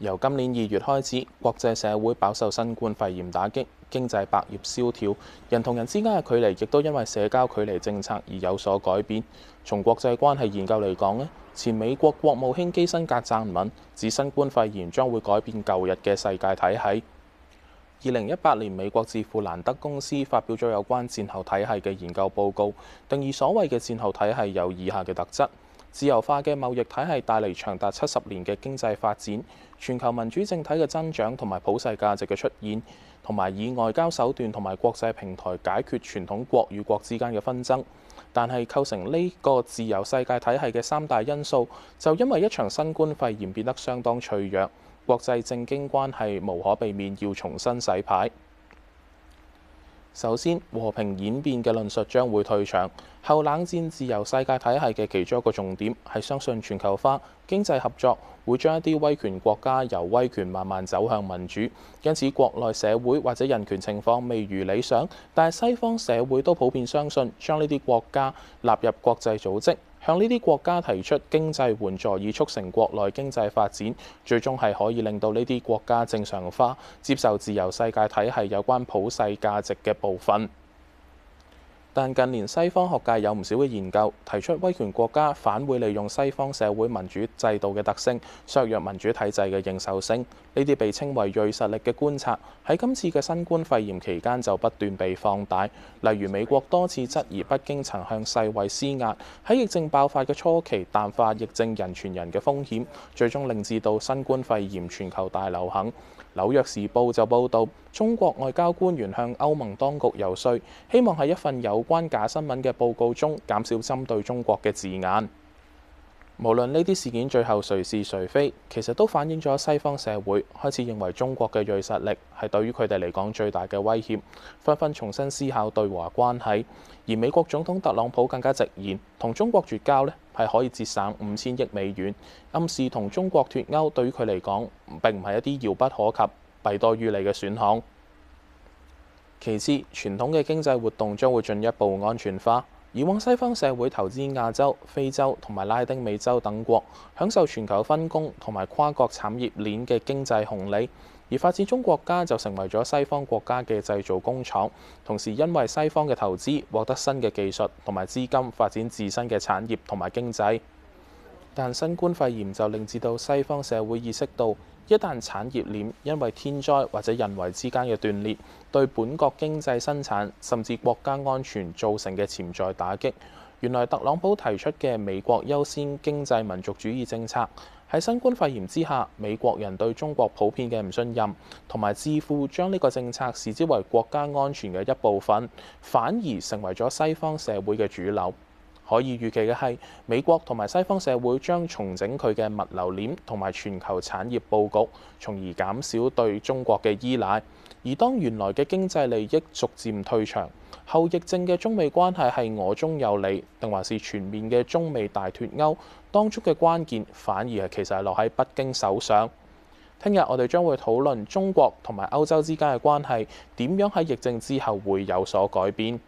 由今年二月開始，國際社會飽受新冠肺炎打擊，經濟百業蕭條，人同人之間嘅距離亦都因為社交距離政策而有所改變。從國際關係研究嚟講呢，前美國國務卿基辛格撰文，指新冠肺炎將會改變舊日嘅世界體系。二零一八年，美國智庫蘭德公司發表咗有關戰後體系嘅研究報告，定義所謂嘅戰後體系有以下嘅特質。自由化嘅貿易體系帶嚟長達七十年嘅經濟發展，全球民主政體嘅增長同埋普世價值嘅出現，同埋以外交手段同埋國際平台解決傳統國與國之間嘅紛爭。但係構成呢個自由世界體系嘅三大因素，就因為一場新冠肺炎變得相當脆弱，國際政經關係無可避免要重新洗牌。首先，和平演變嘅論述將會退場，後冷戰自由世界體系嘅其中一個重點，係相信全球化經濟合作會將一啲威權國家由威權慢慢走向民主。因此，國內社會或者人權情況未如理想，但係西方社會都普遍相信將呢啲國家納入國際組織。向呢啲國家提出經濟援助，以促成國內經濟發展，最終係可以令到呢啲國家正常化，接受自由世界體系有關普世價值嘅部分。但近年西方學界有唔少嘅研究提出，威權國家反會利用西方社會民主制度嘅特性，削弱民主體制嘅認受性，呢啲被稱為銳實力嘅觀察喺今次嘅新冠肺炎期間就不斷被放大。例如美國多次質疑北京曾向世衛施壓，喺疫症爆發嘅初期淡化疫症人傳人嘅風險，最終令至到新冠肺炎全球大流行。《紐約時報》就報導，中國外交官員向歐盟當局遊說，希望喺一份有關假新聞嘅報告中減少針對中國嘅字眼。無論呢啲事件最後誰是誰非，其實都反映咗西方社會開始認為中國嘅鋭實力係對於佢哋嚟講最大嘅威脅，紛紛重新思考對華關係。而美國總統特朗普更加直言，同中國絕交呢係可以節省五千億美元，暗示同中國脫鈎對於佢嚟講並唔係一啲遙不可及、弊多於利嘅選項。其次，傳統嘅經濟活動將會進一步安全化。以往西方社會投資亞洲、非洲同埋拉丁美洲等國，享受全球分工同埋跨國產業鏈嘅經濟紅利；而發展中國家就成為咗西方國家嘅製造工廠，同時因為西方嘅投資獲得新嘅技術同埋資金，發展自身嘅產業同埋經濟。但新冠肺炎就令至到西方社會意識到，一旦產業鏈因為天災或者人為之間嘅斷裂，對本國經濟生產甚至國家安全造成嘅潛在打擊，原來特朗普提出嘅美國優先經濟民族主義政策喺新冠肺炎之下，美國人對中國普遍嘅唔信任，同埋致富將呢個政策視之為國家安全嘅一部分，反而成為咗西方社會嘅主流。可以預期嘅係，美國同埋西方社會將重整佢嘅物流鏈同埋全球產業佈局，從而減少對中國嘅依賴。而當原來嘅經濟利益逐漸退場，後疫症嘅中美關係係我中有你，定還是全面嘅中美大脫歐？當中嘅關鍵反而係其實係落喺北京手上。聽日我哋將會討論中國同埋歐洲之間嘅關係點樣喺疫症之後會有所改變。